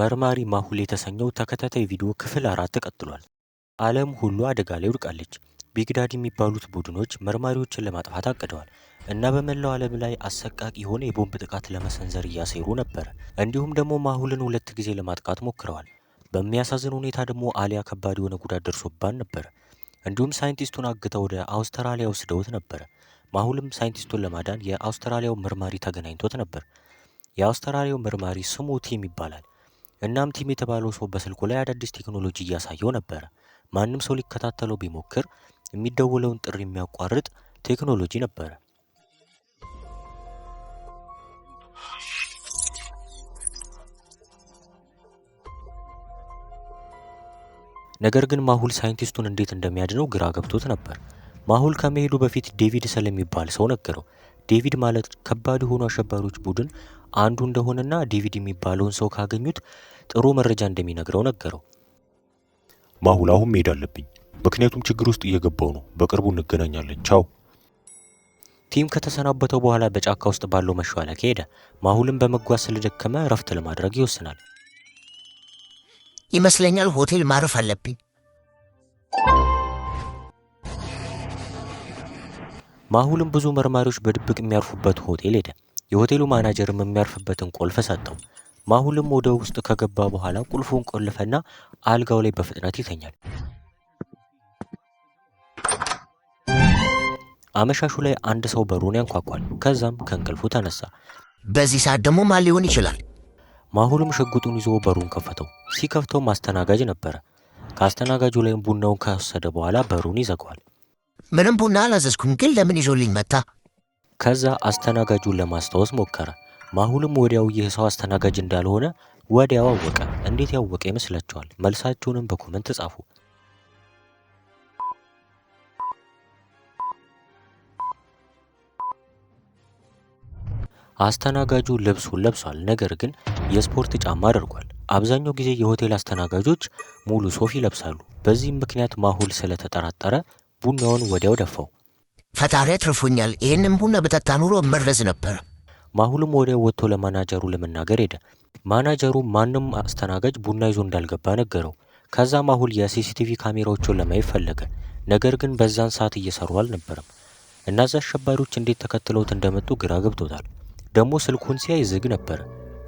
መርማሪ ማሁል የተሰኘው ተከታታይ ቪዲዮ ክፍል አራት ቀጥሏል። ዓለም ሁሉ አደጋ ላይ ወድቃለች። ቢግዳድ የሚባሉት ቡድኖች መርማሪዎችን ለማጥፋት አቅደዋል እና በመላው ዓለም ላይ አሰቃቂ የሆነ የቦምብ ጥቃት ለመሰንዘር እያሴሩ ነበር። እንዲሁም ደግሞ ማሁልን ሁለት ጊዜ ለማጥቃት ሞክረዋል። በሚያሳዝን ሁኔታ ደግሞ አሊያ ከባድ የሆነ ጉዳት ደርሶባን ነበር። እንዲሁም ሳይንቲስቱን አግተው ወደ አውስትራሊያ ወስደውት ነበር። ማሁልም ሳይንቲስቱን ለማዳን የአውስትራሊያው መርማሪ ተገናኝቶት ነበር። የአውስትራሊያው መርማሪ ስሙ ቲም ይባላል። እናም ቲም የተባለው ሰው በስልኩ ላይ አዳዲስ ቴክኖሎጂ እያሳየው ነበረ። ማንም ሰው ሊከታተለው ቢሞክር የሚደወለውን ጥሪ የሚያቋርጥ ቴክኖሎጂ ነበረ። ነገር ግን ማሁል ሳይንቲስቱን እንዴት እንደሚያድነው ግራ ገብቶት ነበር። ማሁል ከመሄዱ በፊት ዴቪድ ስለሚባል ሰው ነገረው። ዴቪድ ማለት ከባድ የሆኑ አሸባሪዎች ቡድን አንዱ እንደሆነና ዴቪድ የሚባለውን ሰው ካገኙት ጥሩ መረጃ እንደሚነግረው ነገረው። ማሁል አሁን መሄድ አለብኝ፣ ምክንያቱም ችግር ውስጥ እየገባው ነው። በቅርቡ እንገናኛለን፣ ቻው። ቲም ከተሰናበተው በኋላ በጫካ ውስጥ ባለው መሿለክ ሄደ። ማሁልም በመጓዝ ስለደከመ እረፍት ለማድረግ ይወስናል። ይመስለኛል ሆቴል ማረፍ አለብኝ። ማሁልም ብዙ መርማሪዎች በድብቅ የሚያርፉበት ሆቴል ሄደ። የሆቴሉ ማናጀርም የሚያርፍበትን ቁልፍ ሰጠው። ማሁልም ወደ ውስጥ ከገባ በኋላ ቁልፉን ቆልፈና አልጋው ላይ በፍጥነት ይተኛል። አመሻሹ ላይ አንድ ሰው በሩን ያንኳኳል። ከዛም ከእንቅልፉ ተነሳ። በዚህ ሰዓት ደግሞ ማን ሊሆን ይችላል? ማሁልም ሽጉጡን ይዞ በሩን ከፈተው። ሲከፍተው ማስተናጋጅ ነበረ። ከአስተናጋጁ ላይም ቡናውን ከወሰደ በኋላ በሩን ይዘጋዋል። ምንም ቡና አላዘዝኩም፣ ግን ለምን ይዞልኝ መታ? ከዛ አስተናጋጁን ለማስታወስ ሞከረ። ማሁልም ወዲያው ይህ ሰው አስተናጋጅ እንዳልሆነ ወዲያው አወቀ። እንዴት ያወቀ ይመስላችኋል? መልሳችሁንም በኮመንት ጻፉ። አስተናጋጁ ልብሱን ለብሷል፣ ነገር ግን የስፖርት ጫማ አድርጓል። አብዛኛው ጊዜ የሆቴል አስተናጋጆች ሙሉ ሶፍ ይለብሳሉ። በዚህም ምክንያት ማሁል ስለተጠራጠረ ቡናውን ወዲያው ደፋው። ፈጣሪ አትርፎኛል፣ ይህንም ቡና በጠጣ ኑሮ መረዝ ነበር። ማሁልም ወደ ወጥቶ ለማናጀሩ ለመናገር ሄደ። ማናጀሩ ማንም አስተናጋጅ ቡና ይዞ እንዳልገባ ነገረው። ከዛ ማሁል የሲሲቲቪ ካሜራዎቹን ለማየት ፈለገ። ነገር ግን በዛን ሰዓት እየሰሩ አልነበረም። እነዛ አሸባሪዎች እንዴት ተከትለውት እንደመጡ ግራ ገብቶታል። ደግሞ ስልኩን ሲያይ ዝግ ነበረ።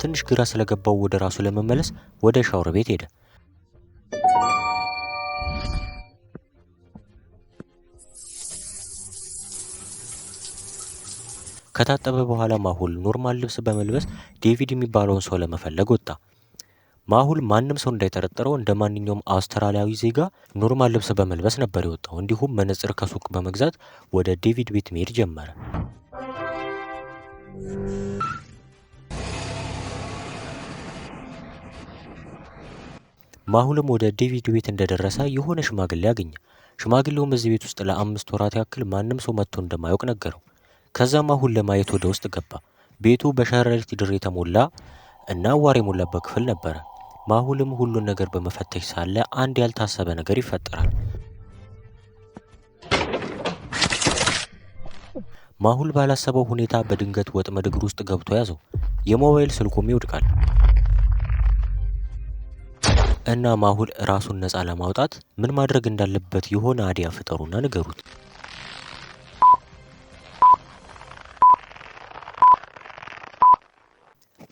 ትንሽ ግራ ስለገባው ወደ ራሱ ለመመለስ ወደ ሻወር ቤት ሄደ። ከታጠበ በኋላ ማሁል ኖርማል ልብስ በመልበስ ዴቪድ የሚባለውን ሰው ለመፈለግ ወጣ። ማሁል ማንም ሰው እንዳይጠረጠረው እንደ ማንኛውም አውስትራሊያዊ ዜጋ ኖርማል ልብስ በመልበስ ነበር የወጣው። እንዲሁም መነጽር ከሱቅ በመግዛት ወደ ዴቪድ ቤት መሄድ ጀመረ። ማሁልም ወደ ዴቪድ ቤት እንደደረሰ የሆነ ሽማግሌ አገኘ። ሽማግሌውም እዚህ ቤት ውስጥ ለአምስት ወራት ያክል ማንም ሰው መጥቶ እንደማያውቅ ነገረው። ከዛም አሁን ለማየት ወደ ውስጥ ገባ። ቤቱ በሸረሪት ድር የተሞላ እና ዋር የሞላበት ክፍል ነበረ። ማሁልም ሁሉን ነገር በመፈተሽ ሳለ አንድ ያልታሰበ ነገር ይፈጠራል። ማሁል ባላሰበው ሁኔታ በድንገት ወጥመድ እግር ውስጥ ገብቶ ያዘው። የሞባይል ስልኩም ይወድቃል እና ማሁል ራሱን ነፃ ለማውጣት ምን ማድረግ እንዳለበት የሆነ አዲያ ፍጠሩና ንገሩት።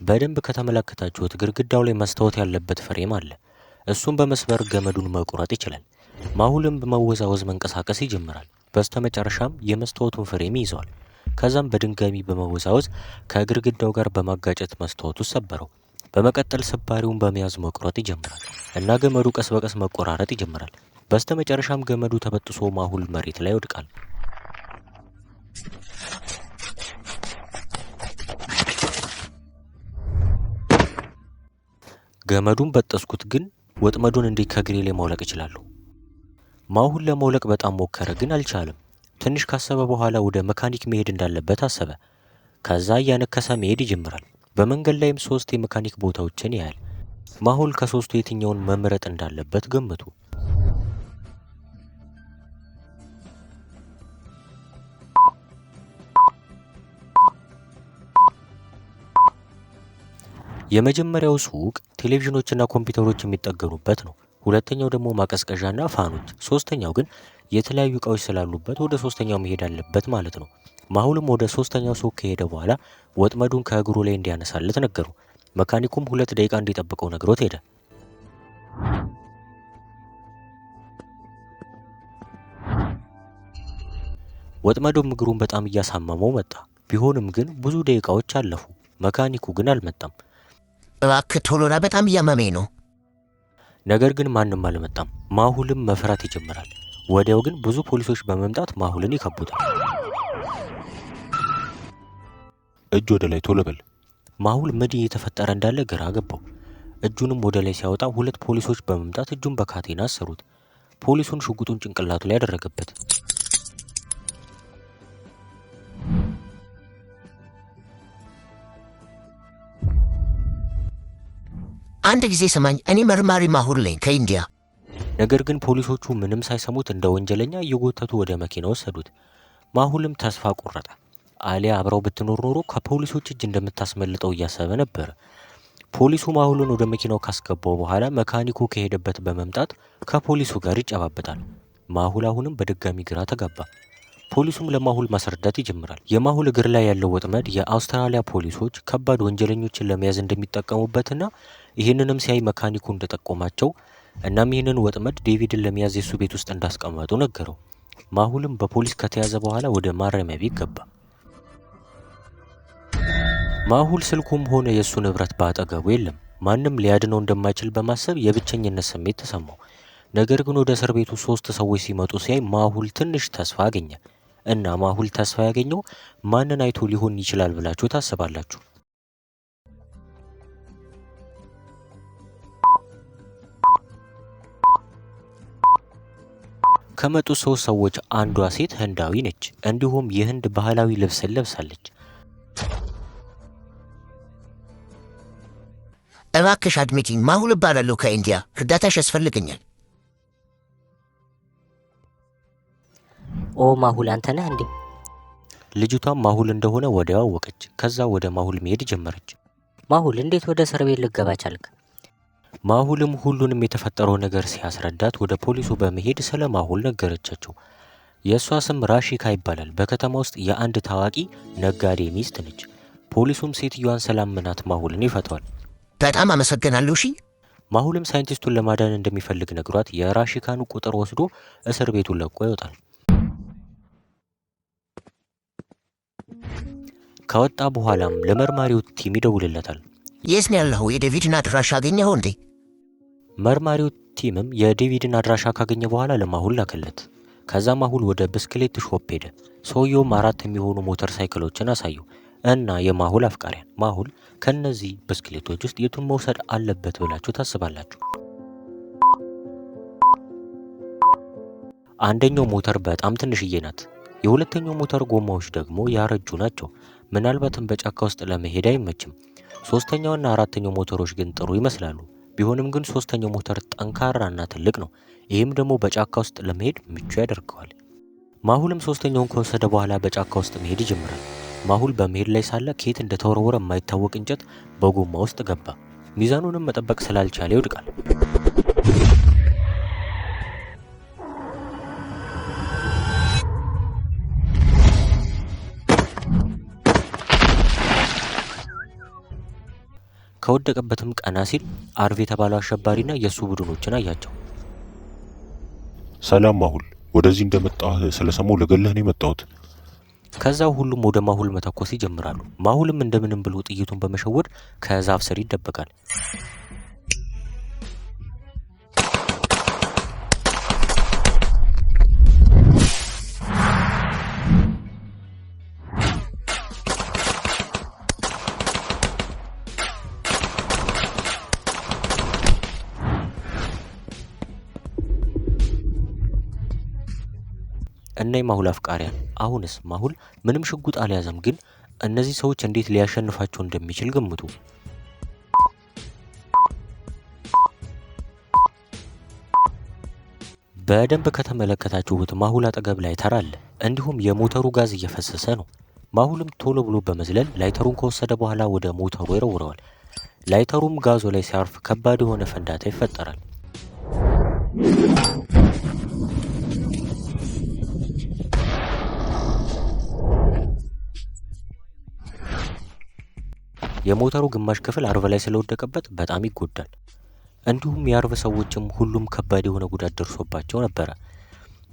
በደንብ ከተመለከታችሁት ግድግዳው ላይ መስታወት ያለበት ፍሬም አለ። እሱን በመስበር ገመዱን መቁረጥ ይችላል። ማሁልም በመወዛወዝ መንቀሳቀስ ይጀምራል። በስተመጨረሻም የመስታወቱን ፍሬም ይይዘዋል። ከዛም በድንጋሚ በመወዛወዝ ከግድግዳው ጋር በማጋጨት መስታወቱ ሰበረው። በመቀጠል ስባሪውን በመያዝ መቁረጥ ይጀምራል እና ገመዱ ቀስ በቀስ መቆራረጥ ይጀምራል። በስተመጨረሻም ገመዱ ተበጥሶ ማሁል መሬት ላይ ይወድቃል። ገመዱን በጠስኩት፣ ግን ወጥመዱን እንዴት ከግሬ ላይ ማውለቅ እችላለሁ? ማሁን ለማውለቅ በጣም ሞከረ፣ ግን አልቻለም። ትንሽ ካሰበ በኋላ ወደ መካኒክ መሄድ እንዳለበት አሰበ። ከዛ እያነከሰ መሄድ ይጀምራል። በመንገድ ላይም ሶስት የመካኒክ ቦታዎችን ያያል። ማሁል ከሶስቱ የትኛውን መምረጥ እንዳለበት ገምቱ። የመጀመሪያው ሱቅ ቴሌቪዥኖችና ኮምፒውተሮች የሚጠገኑበት ነው። ሁለተኛው ደግሞ ማቀዝቀዣና ፋኖች፣ ሶስተኛው ግን የተለያዩ እቃዎች ስላሉበት ወደ ሶስተኛው መሄድ አለበት ማለት ነው። ማሁልም ወደ ሶስተኛው ሱቅ ከሄደ በኋላ ወጥመዱን ከእግሩ ላይ እንዲያነሳለት ነገሩ። መካኒኩም ሁለት ደቂቃ እንዲጠብቀው ነግሮት ሄደ። ወጥመዱም እግሩን በጣም እያሳመመው መጣ። ቢሆንም ግን ብዙ ደቂቃዎች አለፉ። መካኒኩ ግን አልመጣም። እባክህ ቶሎና፣ በጣም እያመመኝ ነው። ነገር ግን ማንም አልመጣም። ማሁልም መፍራት ይጀምራል። ወዲያው ግን ብዙ ፖሊሶች በመምጣት ማሁልን ይከቡታል። እጅ ወደ ላይ ቶሎ በል። ማሁል ምን እየተፈጠረ እንዳለ ግራ ገባው። እጁንም ወደ ላይ ሲያወጣ ሁለት ፖሊሶች በመምጣት እጁን በካቴና አሰሩት። ፖሊሱን ሽጉጡን ጭንቅላቱ ላይ ያደረገበት አንድ ጊዜ ስማኝ፣ እኔ መርማሪ ማሁር ነኝ ከኢንዲያ። ነገር ግን ፖሊሶቹ ምንም ሳይሰሙት እንደ ወንጀለኛ እየጎተቱ ወደ መኪና ወሰዱት። ማሁልም ተስፋ ቆረጠ። አሊያ አብረው ብትኖር ኖሮ ከፖሊሶች እጅ እንደምታስመልጠው እያሰበ ነበር። ፖሊሱ ማሁልን ወደ መኪናው ካስገባው በኋላ መካኒኩ ከሄደበት በመምጣት ከፖሊሱ ጋር ይጨባበጣል። ማሁል አሁንም በድጋሚ ግራ ተጋባ። ፖሊሱም ለማሁል ማስረዳት ይጀምራል። የማሁል እግር ላይ ያለው ወጥመድ የአውስትራሊያ ፖሊሶች ከባድ ወንጀለኞችን ለመያዝ እንደሚጠቀሙበትና ይህንንም ሲያይ መካኒኩ እንደጠቆማቸው እናም ይህንን ወጥመድ ዴቪድን ለመያዝ የሱ ቤት ውስጥ እንዳስቀመጡ ነገረው። ማሁልም በፖሊስ ከተያዘ በኋላ ወደ ማረሚያ ቤት ገባ። ማሁል ስልኩም ሆነ የእሱ ንብረት በአጠገቡ የለም። ማንም ሊያድነው እንደማይችል በማሰብ የብቸኝነት ስሜት ተሰማው። ነገር ግን ወደ እስር ቤቱ ሶስት ሰዎች ሲመጡ ሲያይ ማሁል ትንሽ ተስፋ አገኘ። እና ማሁል ተስፋ ያገኘው ማንን አይቶ ሊሆን ይችላል ብላችሁ ታስባላችሁ? ከመጡ ሶስት ሰዎች አንዷ ሴት ህንዳዊ ነች፣ እንዲሁም የህንድ ባህላዊ ልብስን ለብሳለች። እባክሽ አድምጪኝ፣ ማሁል እባላለሁ ከኢንዲያ፣ እርዳታሽ ያስፈልገኛል። ኦ ማሁል አንተ ነህ እንዴ? ልጅቷም ማሁል እንደሆነ ወዲያው አወቀች። ከዛ ወደ ማሁል መሄድ ጀመረች። ማሁል እንዴት ወደ እስር ቤት ልገባ ቻልክ? ማሁልም ሁሉንም የተፈጠረው ነገር ሲያስረዳት ወደ ፖሊሱ በመሄድ ስለ ማሁል ነገረቻቸው። የእሷ ስም ራሺካ ይባላል። በከተማ ውስጥ የአንድ ታዋቂ ነጋዴ ሚስት ነች። ፖሊሱም ሴትዮዋን ምናት ማሁልን ይፈቷል። በጣም አመሰግናለሁ። ሺ ማሁልም ሳይንቲስቱን ለማዳን እንደሚፈልግ ነግሯት የራሺካኑ ቁጥር ወስዶ እስር ቤቱን ለቆ ይወጣል። ከወጣ በኋላም ለመርማሪው ቲም ይደውልለታል። የት ነው ያለኸው? የዴቪድን አድራሻ አገኘኸው እንዴ? መርማሪው ቲምም የዴቪድን አድራሻ ካገኘ በኋላ ለማሁል ላከለት። ከዛ ማሁል ወደ ብስክሌት ሾፕ ሄደ። ሰውየውም አራት የሚሆኑ ሞተር ሳይክሎችን አሳየው እና የማሁል አፍቃሪያን ማሁል ከነዚህ ብስክሌቶች ውስጥ የቱን መውሰድ አለበት ብላችሁ ታስባላችሁ? አንደኛው ሞተር በጣም ትንሽዬ ናት። የሁለተኛው ሞተር ጎማዎች ደግሞ ያረጁ ናቸው፣ ምናልባትም በጫካ ውስጥ ለመሄድ አይመችም። ሶስተኛውና አራተኛው ሞተሮች ግን ጥሩ ይመስላሉ። ቢሆንም ግን ሶስተኛው ሞተር ጠንካራና ትልቅ ነው። ይህም ደግሞ በጫካ ውስጥ ለመሄድ ምቹ ያደርገዋል። ማሁልም ሶስተኛውን ከወሰደ በኋላ በጫካ ውስጥ መሄድ ይጀምራል። ማሁል በመሄድ ላይ ሳለ ከየት እንደተወረወረ የማይታወቅ እንጨት በጎማ ውስጥ ገባ። ሚዛኑንም መጠበቅ ስላልቻለ ይወድቃል። ከወደቀበትም ቀና ሲል አርቭ የተባለው አሸባሪና የእሱ ቡድኖችን አያቸው። ሰላም ማሁል፣ ወደዚህ እንደመጣህ ስለሰማው ልገልህ ነው የመጣሁት። ከዛው ሁሉም ወደ ማሁል መተኮስ ይጀምራሉ። ማሁልም እንደምንም ብሎ ጥይቱን በመሸወድ ከዛፍ ስር ይደበቃል። እና የማሁል አፍቃሪያን አሁንስ ማሁል ምንም ሽጉጥ አልያዘም፣ ግን እነዚህ ሰዎች እንዴት ሊያሸንፋቸው እንደሚችል ገምቱ። በደንብ ከተመለከታችሁት ማሁል አጠገብ ላይተር አለ። እንዲሁም የሞተሩ ጋዝ እየፈሰሰ ነው። ማሁልም ቶሎ ብሎ በመዝለል ላይተሩን ከወሰደ በኋላ ወደ ሞተሩ ይረውረዋል። ላይተሩም ጋዙ ላይ ሲያርፍ ከባድ የሆነ ፈንዳታ ይፈጠራል። የሞተሩ ግማሽ ክፍል አርብ ላይ ስለወደቀበት በጣም ይጎዳል። እንዲሁም የአርብ ሰዎችም ሁሉም ከባድ የሆነ ጉዳት ደርሶባቸው ነበረ።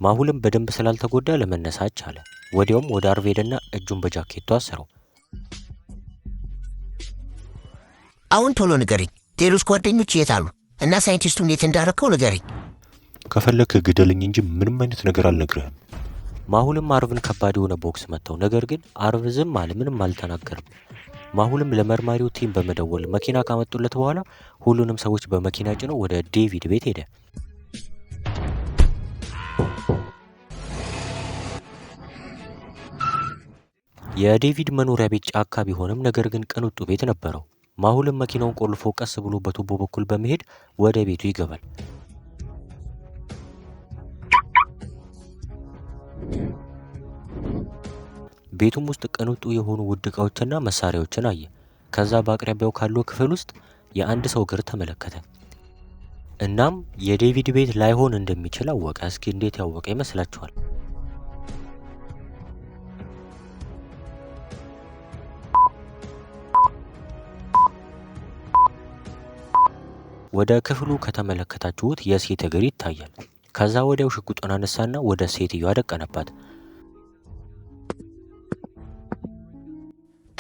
ማሁልም በደንብ ስላልተጎዳ ለመነሳች አለ። ወዲያውም ወደ አርብ ሄደና እጁን በጃኬቱ አሰረው። አሁን ቶሎ ንገሪኝ፣ ሌሎች ጓደኞች የት አሉ እና ሳይንቲስቱ እንዴት እንዳረከው ንገሪኝ። ከፈለክ ግደልኝ እንጂ ምንም አይነት ነገር አልነግርህም። ማሁልም አርብን ከባድ የሆነ ቦክስ መታው። ነገር ግን አርቭ ዝም አለ፣ ምንም አልተናገርም። ማሁልም ለመርማሪው ቲም በመደወል መኪና ካመጡለት በኋላ ሁሉንም ሰዎች በመኪና ጭኖ ወደ ዴቪድ ቤት ሄደ። የዴቪድ መኖሪያ ቤት ጫካ ቢሆንም ነገር ግን ቅንጡ ቤት ነበረው። ማሁልም መኪናውን ቆልፎ ቀስ ብሎ በቱቦ በኩል በመሄድ ወደ ቤቱ ይገባል። ቤቱም ውስጥ ቅንጡ የሆኑ ውድ ዕቃዎችና መሳሪያዎችን አየ። ከዛ በአቅራቢያው ካለው ክፍል ውስጥ የአንድ ሰው እግር ተመለከተ። እናም የዴቪድ ቤት ላይሆን እንደሚችል አወቀ። እስኪ እንዴት ያወቀ ይመስላችኋል? ወደ ክፍሉ ከተመለከታችሁት የሴት እግር ይታያል። ከዛ ወዲያው ሽጉጡን አነሳና ወደ ሴትዮዋ አደቀነባት።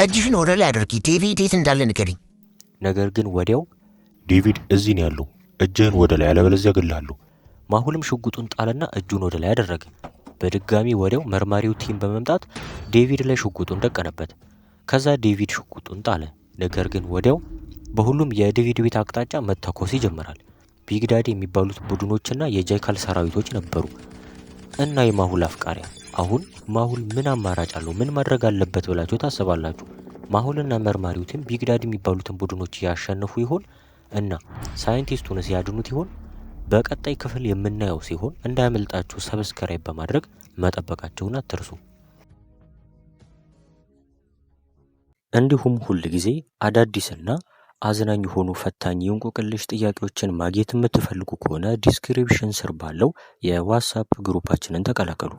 እጅሽን ወደ ላይ አድርጊ። ዴቪድ የት እንዳለ ንገሪኝ። ነገር ግን ወዲያው ዴቪድ እዚህ ነው ያለው፣ እጅህን ወደ ላይ አለበለዚያ እገልሃለሁ። ማሁልም ሽጉጡን ጣለና እጁን ወደ ላይ አደረገ። በድጋሚ ወዲያው መርማሪው ቲም በመምጣት ዴቪድ ላይ ሽጉጡን ደቀነበት። ከዛ ዴቪድ ሽጉጡን ጣለ። ነገር ግን ወዲያው በሁሉም የዴቪድ ቤት አቅጣጫ መተኮስ ይጀምራል። ቢግዳዲ የሚባሉት ቡድኖችና የጃይካል ሰራዊቶች ነበሩ እና የማሁል አፍቃሪያ አሁን ማሁል ምን አማራጭ አለው? ምን ማድረግ አለበት ብላችሁ ታስባላችሁ? ማሁልና መርማሪው ቲም ቢግዳድ የሚባሉትን ቡድኖች ያሸነፉ ይሆን እና ሳይንቲስቱን ያድኑት ይሆን? በቀጣይ ክፍል የምናየው ሲሆን እንዳያመልጣችሁ ሰብስክራይብ በማድረግ መጠበቃችሁን አትርሱ። እንዲሁም ሁል ጊዜ አዳዲስና አዝናኝ የሆኑ ፈታኝ የእንቆቅልሽ ጥያቄዎችን ማግኘት የምትፈልጉ ከሆነ ዲስክሪፕሽን ስር ባለው የዋትሳፕ ግሩፓችንን ተቀላቀሉ።